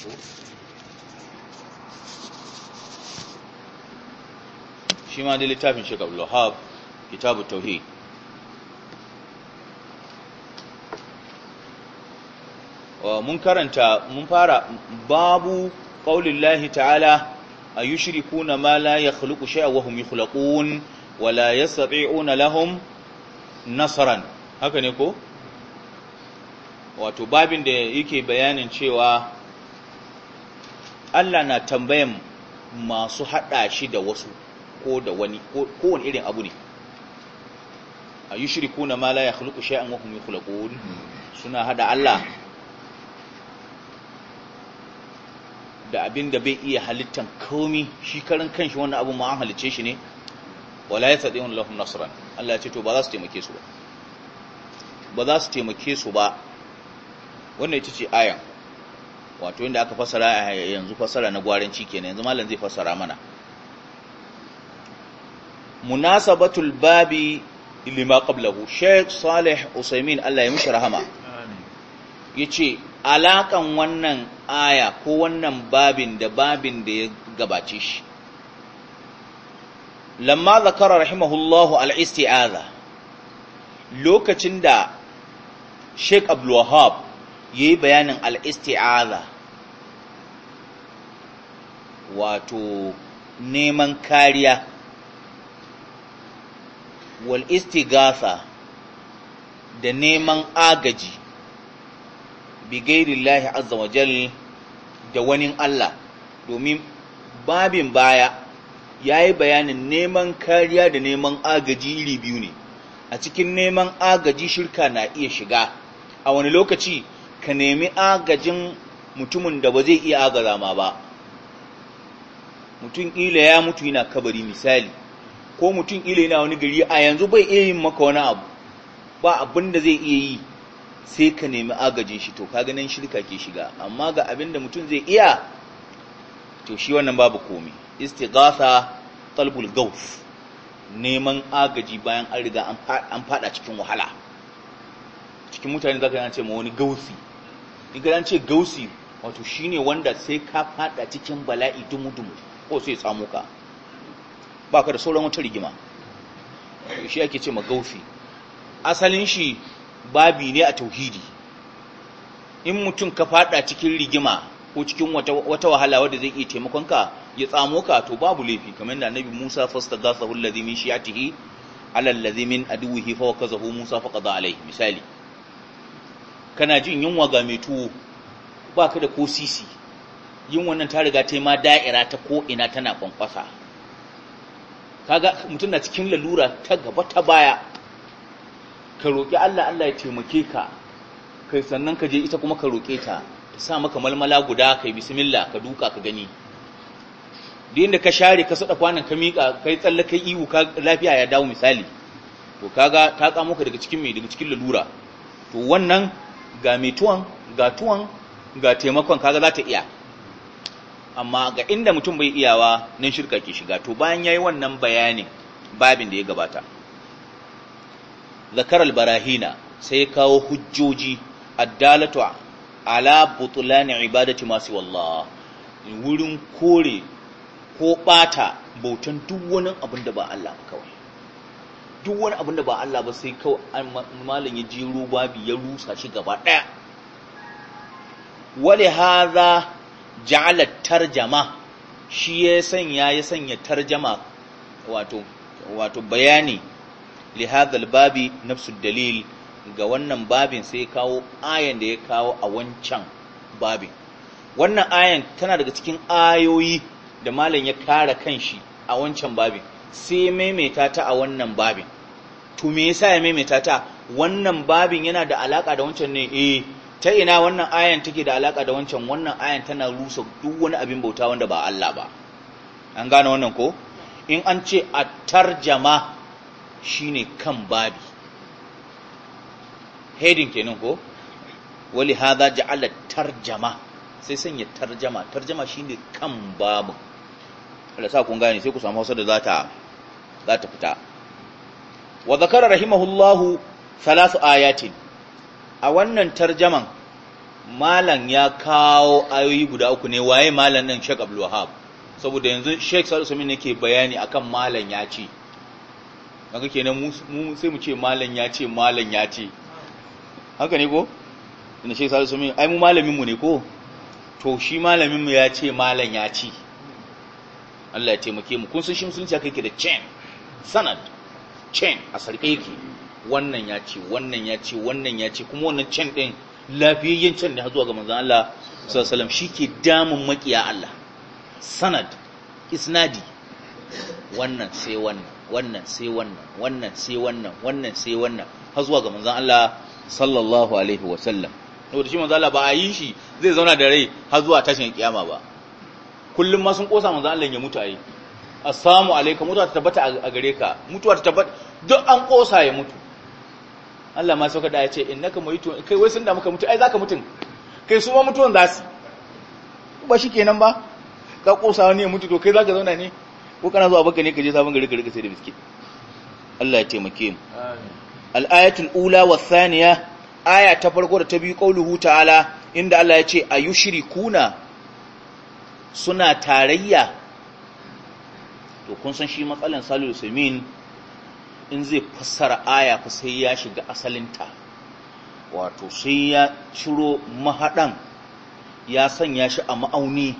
Shima shi ma dai littafin shi Abdul Kitabu tauhi. mun karanta mun fara babu lahi ta'ala kuna ma la yakhluqu shay'an wa yi khulakun wa la lahum nasaran haka ne ko wato babin da yake bayanin cewa Allah na tambayan masu haɗa shi da wasu ko da wani wani irin abu ne a yi kuna na la ya khuluku sha'an wahum yi khulakun suna haɗa Allah da abin da bai iya halittan komai, shi karin kanshi wannan abu ma an halicce shi ne wala ya tsaɗe wani lahun nasiran Allah ya ce to ba za su taimake su ba ba za su taimake su ba wannan ya ce ayan wato inda aka fasara eh, yanzu fasara na gwaranci kenan yanzu malam zai fasara mana munasabatul babi lima qablahu Sheikh Salih Usaimin Allah ya mishi rahama yace alakan wannan aya ko wannan babin da babin da ya gabace shi lamma zakara rahimahullahu al-isti'aza lokacin da Sheikh Abdul Wahhab yayi bayanin al-isti'aza wato neman kariya wal istighatha da neman agaji bi ghairillahi azza wa jal da wani Allah domin babin baya yayi bayanin neman kariya da neman agaji iri biyu ne a cikin neman agaji shirka na iya shiga a wani lokaci ka nemi agajin mutumin da ba zai iya agaza ma ba mutum ƙila ya mutu yana kabari misali ko mutum ƙila yana wani gari a yanzu bai iya yin maka wani abu ba abin da zai iya yi sai ka nemi agajin shi to ka ganin shirka ke shiga amma ga abin da mutum zai iya to shi wannan babu komai istighatha talbul gauf neman agaji bayan an riga an fada cikin wahala cikin mutane zaka yana ce ma wani gausi diga an ce gausi wato shine wanda sai ka fada cikin bala'i dumu-dumu ko sai samu ka baka da sauran wata rigima shi ake ce ma gausi asalin shi babi ne a tauhidi in mutum ka fada cikin rigima ko cikin wata wahala wadda zai iya taimakon ka ya tsamo ka to babu laifi kamar da annabi Musa fastagathahu allazi min shiyatihi ala tihi min aduwihi fa wakazahu Musa faqada alaihi misali kana jin yunwa ga mai tuwo ba ka da ko sisi yin wannan ta riga ta yi ma da'ira ta ko'ina tana kwankwasa kaga mutum na cikin lalura ta gaba ta baya ka roƙi allah allah ya taimake ka kai sannan ka je ita kuma ka roƙe ta ta sa maka malmala guda kai bismillah ka duka ka gani da inda ka share ka sada kwanan ka miƙa kai tsalle kai iwu ka lafiya ya dawo misali to kaga ta tsamo ka daga cikin mai daga cikin lalura to wannan ga mai ga tuwan, ga taimakon kaga za ta iya amma ga inda mutum bai iyawa nan shirka ke shiga to bayan yayi wannan bayanin babin da ya gabata zakar al-barahina sai kawo hujjoji addalatu ala butulan ibadati masu wallah wurin kore ko bata bautan duk wani abin da ba Allah kawai duk wani abin da ba Allah ba sai kawai malam ya ruba babi ya rusa shi gaba ɗaya wale haza ja'ala tarjama shi ya sanya ya sanya tarjama wato wato bayani li hadhal babi nafsu dalil ga wannan babin sai kawo ayan da ya kawo a wancan babin wannan ayan tana daga cikin ayoyi da malam ya kare kanshi a wancan babin sai maimaita ta a wannan babin to me yasa ya maimaita ta wannan babin yana da alaka da wancan ne eh ta ina wannan ayan take da alaka da wancan wannan ayan tana rusa duk wani abin bauta wanda ba Allah ba an gane wannan ko in an ce a tarjama shine kan babi ke kenan ko wali hadha ja'ala tarjama sai sanya tarjama tarjama shine kan babu Allah sa kun gane sai ku samu Hausa da za ta za ta fita wa zakara rahimahullahu salasu ayatin a wannan tarjaman malam ya kawo ayoyi guda uku ne waye malan nan Sheikh Abdul wahab saboda yanzu Sheikh Salisu Usman yake bayani akan malam ya ce kaga kenan mu sai mu ce malam ya ce malam ya ce haka ne ko ina Sheikh Salisu Usman ai mu malamin mu ne ko to shi malamin mu ya ce malam ya ce Allah ya taimake mu kun san shi musulunci aka da chain sanad chain a sarƙe yake wannan ya ce wannan ya ce wannan ya ce kuma wannan chain ɗin lafiyayyen chain da zuwa ga manzon Allah sallallahu alaihi shi ke damun makiya Allah sanad isnadi wannan sai wannan wannan sai wannan wannan sai wannan wannan sai wannan har zuwa ga manzon Allah sallallahu alaihi wa sallam to da shi manzon Allah ba a yi shi zai zauna da rai har zuwa tashin kiyama ba kullum ma sun kosa manzon Allah ya mutu a yi assalamu alaikum mutuwa ta tabbata a gare ka mutuwa ta tabbata duk an kosa ya mutu Allah ma sauka da ya ce innaka mutu kai wai sun da muka mutu ai zaka mutun kai su ma mutuwan za su ba shikenan ba ka kosa wani ya mutu to kai zaka zauna ne ko kana zuwa baka ne ka je sabon gari ka rika sai da biskit Allah ya taimake mu amin al-ayatul ula wa thaniya aya ta farko da ta biyu qauluhu ta'ala inda Allah ya ce ayushrikuna suna tarayya to kun san shi matsalan salul in zai fassara aya fa sai ya shiga asalinta wato sai ya ciro mahaɗan ya sanya shi a ma'auni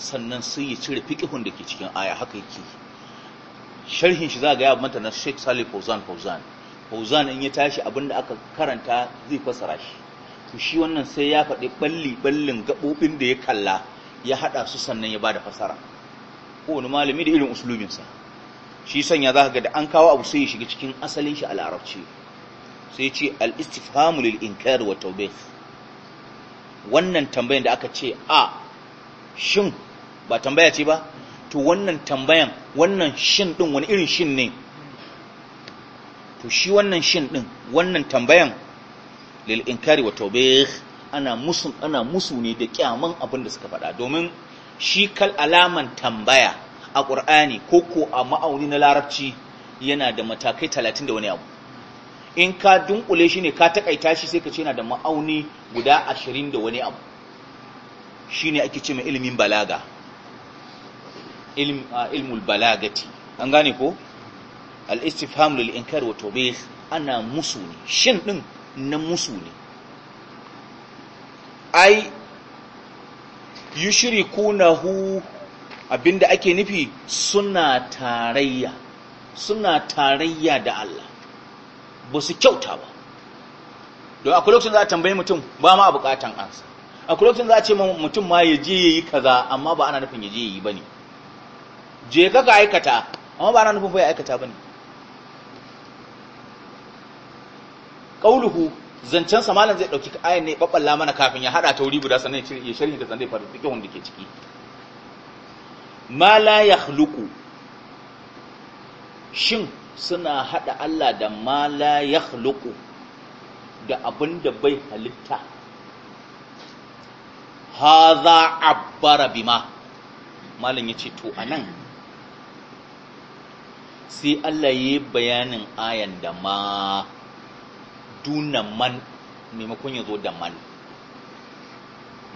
sannan sai ya cire fiƙihun da ke cikin aya haka yake sharhin shi za ga ya manta na Sheikh Salih Fauzan Fauzan Fauzan in ya tashi abin da aka karanta zai fassara shi to shi wannan sai ya faɗi ɓalli ballin gaɓoɓin da ya kalla ya haɗa su sannan ya bada fasara kowane malami da irin usuluminsa shi sanya za ka ga da an kawo abu sai ya shiga cikin asalin shi a larabci sai ce al’istifamu lil’inkar wa tawbih wannan tambayan da aka ce a shin ba tambaya ce ba to wannan tambayan wannan shin din wani irin shin ne to shi wannan shin din wannan tambayan lil’inkar wa tawbih ana musu ana musu ne da kyaman abin da suka faɗa domin shi kal alaman tambaya a ƙur'ani ko ko a ma'auni na larabci yana da matakai talatin da wani abu in ka dunkule shi ne ka takaita shi sai ka ce yana da ma'auni guda ashirin da wani abu shi ne ake ce mai ilimin balaga ah, ilmul balagati an gane ko al'istifam istifham inkar wa tawbih ana musu ne shin ɗin na musu ne ai hu abinda ake nufi suna tarayya suna tarayya da Allah ba su kyauta ba don akwai lokacin za a tambayi mutum ba ma a bukatan ansa akwai lokacin za a ce mutum ma ya je yayi kaza amma ba ana nufin ya je yayi bane je ka ka aikata amma ba ana nufin ba ya aikata bane qauluhu zancen sa malam zai dauki ayan ne babballa mana kafin ya hada ta wuri guda sannan ya sharhi da sannan ya fara duk wanda ke ciki ma la yakhluqu shin suna hada Allah da ma la yakhluqu da abinda bai halitta hadha abbara bima malam yace to anan sai Allah yi bayanin ayan da ma duna man maimakon ya zo da man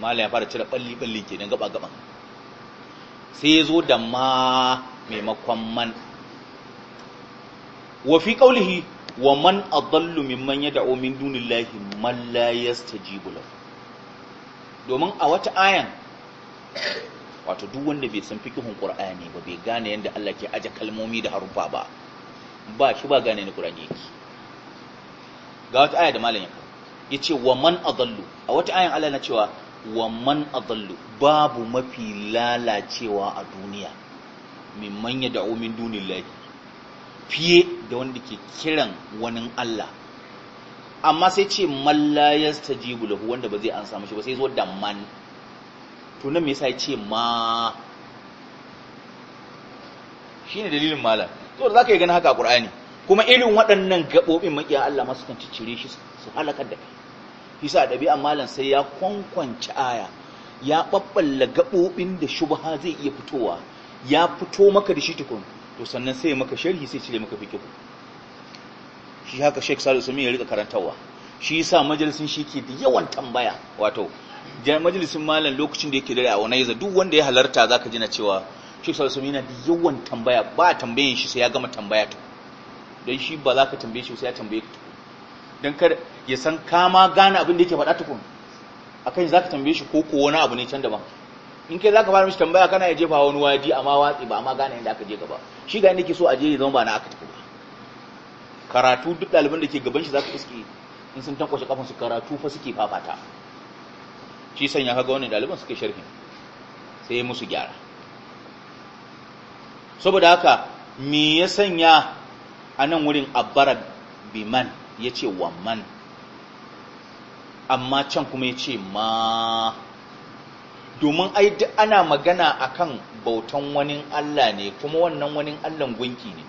mala ya fara cire balli-balli ke nan gaba-gaban sai ya zo da ma maimakon man wafi ƙaulihi wa man adallu mimman ya da'o min dunillahi man la yastajibu lahu domin a wata ayan wato duk wanda bai san fikihun qur'ani ba bai gane yadda Allah ke aje kalmomi da harufa ba ba shi ba gane ni qur'ani yake ga wata aya da malam ya Ya ce, wa man adallu a wata ayan Allah na cewa wa man adallu babu mafi lalacewa a duniya manya ya omin min dunillahi fiye da wanda ke kiran wani Allah amma sai ce man ta jibu lahu wanda ba zai ansa shi ba sai zo da man to nan me ce ma Shi ne dalilin malam to da ka yi gani haka a Qur'ani kuma irin waɗannan gaɓoɓin maƙiya Allah masu kan ciccire shi su halakar da kai Hisa da ɗabi'an malam sai ya kwankwanci aya ya ɓaɓɓalla gaɓoɓin da shubha zai iya fitowa ya fito maka da shi tukun to sannan sai maka sharhi sai cire maka fikihu shi haka Sheikh Salisu Sami ya rika karantawa shi yasa majalisin shi ke da yawan tambaya wato majalisin malam lokacin da yake dare a wani duk wanda ya halarta zaka ji na cewa Sheikh Salisu Sami yana da yawan tambaya ba tambayin shi sai ya gama tambaya tukun don shi ba za ka tambaye shi sai ya tambaye ka tukun don kar ya san kama gane abin da yake faɗa tukun a kan za ka tambaye shi ko ko wani abu ne can daban in kai za ka fara mishi tambaya kana ya jefa wani waje amma watsi ba amma gane inda aka je gaba shi ga inda ke so a je ya zama ba na aka tafi ba karatu duk ɗaliban da ke gaban shi za ka iske in sun tankwashe su karatu fa suke fafata shi sanya ga wani ɗaliban suke sharhin sai musu gyara saboda haka me ya sanya a nan wurin abbara biman ya ce man, amma can kuma ya ce ma domin ai duk ana magana akan bautan wani Allah ne kuma wannan wani allah gunki ne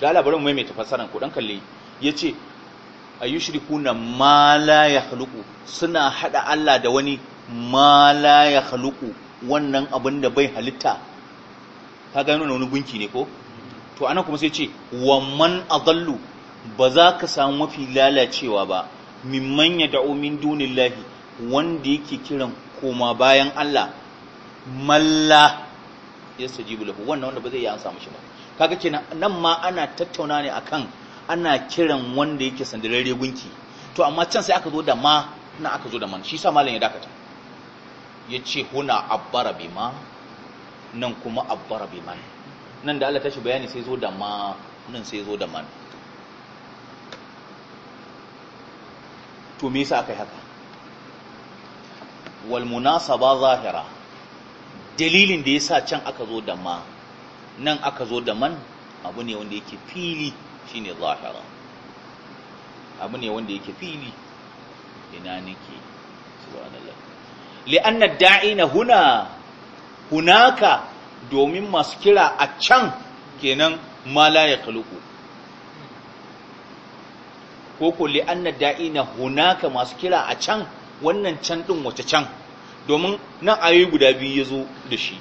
da labarin mai mai tafasaran ku dan kalle ya ce a yi na ma la haluku suna hada Allah da wani ma la haluku wannan abin da bai halitta ka gano wani gunki ne ko to anan kuma sai ce wamman adallu ba za ka samu mafi lalacewa ba mimman ya da'o min dunillahi wanda yake kiran koma bayan Allah malla ya sajibu lahu wannan wanda ba zai yi an samu shi ba kaga kenan nan ma ana tattauna ne a kan ana kiran wanda yake sandararre gunki to amma can sai aka zo da ma na aka zo da man shi sa malam ya dakata Ya ce huna abbara ma nan kuma abbara ne nan da Allah tashi bayani sai zo da ma nan sai zo da man to me yasa akai haka wal munasaba zahira dalilin da yasa can aka zo da ma nan aka zo da man abu ne wanda yake fili shine zahira abu ne wanda yake fili ina nake subhanallah anna da'ina huna hunaka domin masu kira a can kenan ma ya kaluku ko ko li anna da'ina hunaka masu kira a can wannan can din wace can domin nan ayoyi guda biyu ya zo da shi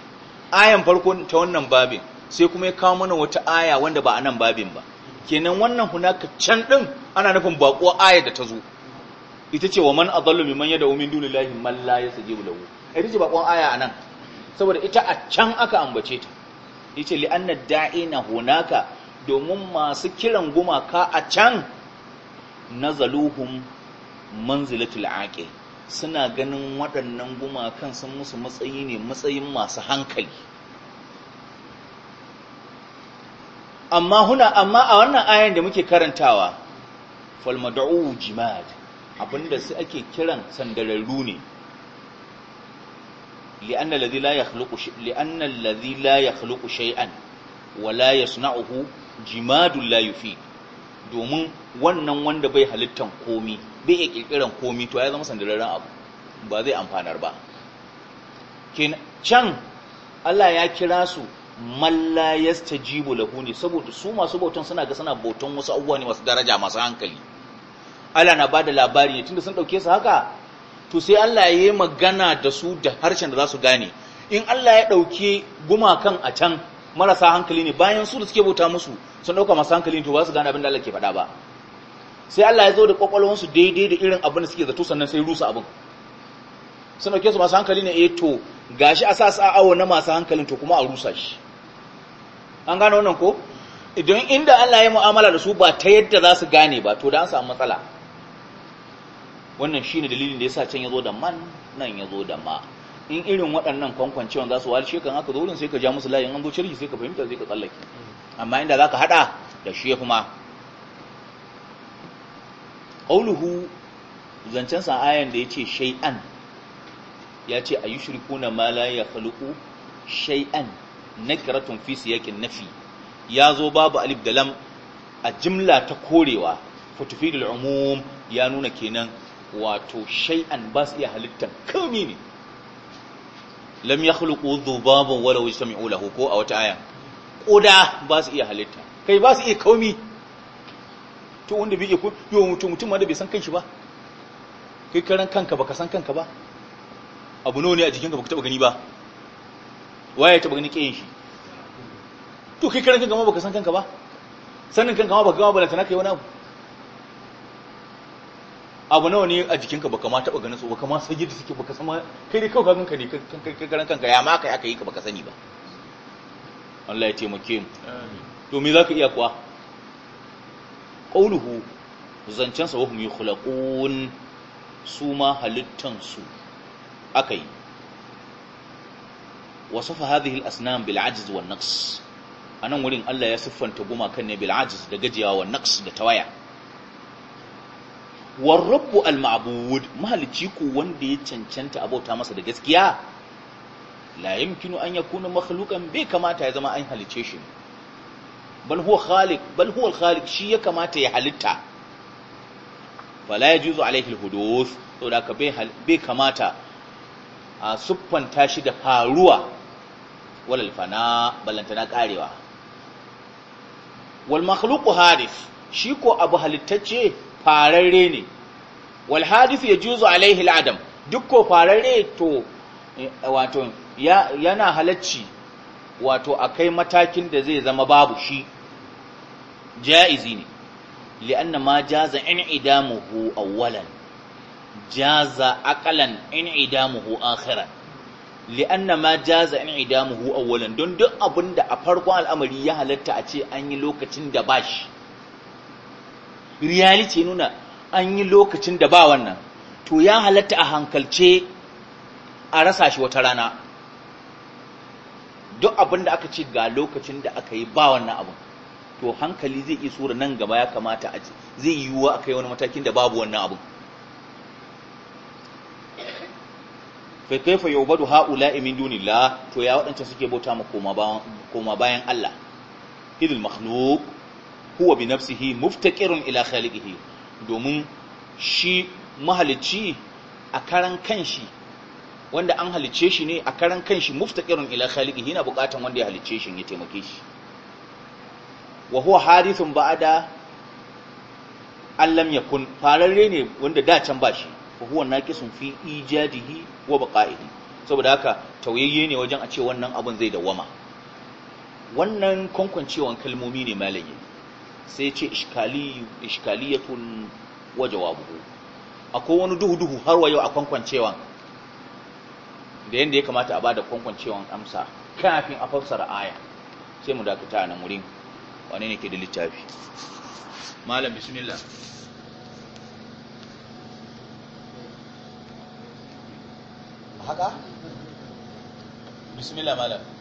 ayan farko ta wannan babin sai kuma ya kawo mana wata aya wanda ba a nan babin ba kenan wannan hunaka can din ana nufin baƙo aya da ta zo ita ce wa man adallu mimman yad'u min dunillahi man la yastajibu lahu ita ce baƙon aya a nan saboda ita a can aka ambace ta yace li anna da'ina hunaka domin masu kiran gumaka a can nazaluhum manzilatul aqi suna ganin waɗannan gumakan sun musu matsayi ne matsayin masu hankali amma huna amma a wannan ayan da muke karantawa falmad'u jimad abinda su ake kiran sandararru ne لأن الذي لا يخلق ش... لأن الذي لا يخلق شيئا ولا يصنعه جماد لا يفيد domin wannan wanda bai halittan komi bai iya kirkiran komi to ya zama sandararren abu ba zai amfanar ba can Allah ya kira su malla yastajibu lahu ne saboda su masu bautan suna ga suna bautan wasu abubuwa ne masu daraja masu hankali Allah na bada labari ne tunda sun dauke su haka to sai Allah ya yi magana da su da harshen da za su gane in Allah ya ɗauki gumakan a can marasa hankali ne bayan su da suke bauta musu sun ɗauka masu hankali to ba su gane abin da Allah ke faɗa ba sai Allah ya zo da su daidai da irin abin da suke zato sannan sai rusa abin sun ɗauke su masu hankali ne eh to gashi a sa su a awo na masu hankali to kuma a rusa shi an gane wannan ko idan inda Allah ya mu'amala da su ba ta yadda za su gane ba to da an samu matsala wannan shine dalilin da ya sa can ya zo da man nan ya zo da ma in irin waɗannan kwankwancewan za su walce kan haka zo wurin sai ka ja musu layin an zo cirki sai ka fahimta sai ka tsallake amma inda za ka haɗa da shi ya fi ma ƙauluhu zancen sa'ayan da ya ce shai'an ya ce a yi shirku na Malaya shai'an na kiratun fi siyakin nafi ya zo babu alif da lam a jimla ta korewa da umum ya nuna kenan wato shay'an ba su iya halitta, kami ne lam yakhluqu dhubaban wala yastami'u lahu ko a wata aya koda ba su iya halitta kai ba su iya kaumi to wanda bige ku yo mutum mutum wanda bai san kanki ba kai karan kanka baka san kanka ba abu nawa ne a jikinka baka taba gani ba waye taba gani kiyin shi to kai karan kanka ma baka san kanka ba sanin kanka ma baka gama balanta na kai wani abu abu nawa ne a jikinka baka ma taɓa ganin su baka ma san yadda suke baka sama kai dai kawai kanka ne kan garan kanka ya ma kai aka yi ka baka sani ba Allah ya taimake mu to me zaka iya kuwa qauluhu zancen sa wahum yukhlaqun su ma halittan su akai wasafa hadhihi al-asnam bil ajz wal naqs anan wurin Allah ya siffanta gumakan ne bil ajz da gajiyawa wal naqs da tawaya war rabbu al ma'bud mahalicci ko wanda ya cancanta abauta masa da gaskiya la yumkinu an yakuna makhluqan bai kamata ya zama an halice shi bal huwa khaliq bal huwa al khaliq shi ya kamata ya halitta fala yajuzu alayhi al huduth to da ka bai kamata a suffanta shi da faruwa walal fana na karewa wal makhluqu hadith shi ko abu halittacce fararre ne wal hadith yajuzu alaihi aladam duk ko fararre to eh, wato yana halacci wato akai matakin da zai zama babu shi jaizi ne li'anna ma jaza in'idamuhu awwalan jaza aqalan in'idamuhu akhiran li'anna ma jaza in'idamuhu awwalan don duk abinda a farkon al'amari ya halatta a ce an yi lokacin da bashi reality nuna an yi lokacin da ba wannan to ya halatta a hankalce a rasa shi wata rana duk abin da aka ce ga lokacin da aka yi ba wannan abu to hankali zai iya tsura nan gaba ya kamata a zai yiwuwa aka yi wani matakin da babu wannan abin fa kaifa yubadu haula'i imin dunillah to ya waɗanta suke bauta ma koma bayan Allah idil makhluq huwa bi nafsihi muftaqirun ila khaliqihi domin shi mahalicci a karan kanshi wanda an halicce shi ne a karan kanshi muftaqirun ila khaliqihi yana bukatan wanda ya halicce shi ya taimake shi wa huwa harithun ba'da allam yakun fararre ne wanda da can ba shi wa huwa naqisun fi ijadihi wa baqa'ihi saboda haka tauyayye ne wajen a ce wannan abun zai dawama wannan kwankwancewan kalmomi ne malaye sai ce waje wa buhu. akwai wani duhu-duhu har wa yau a kwankwancewan da yadda ya kamata a bada kwankwancewan amsa kafin a fafsar aya sai mu dakata na murin. wane ne ke da littafi malam bismillah haka bismillah malam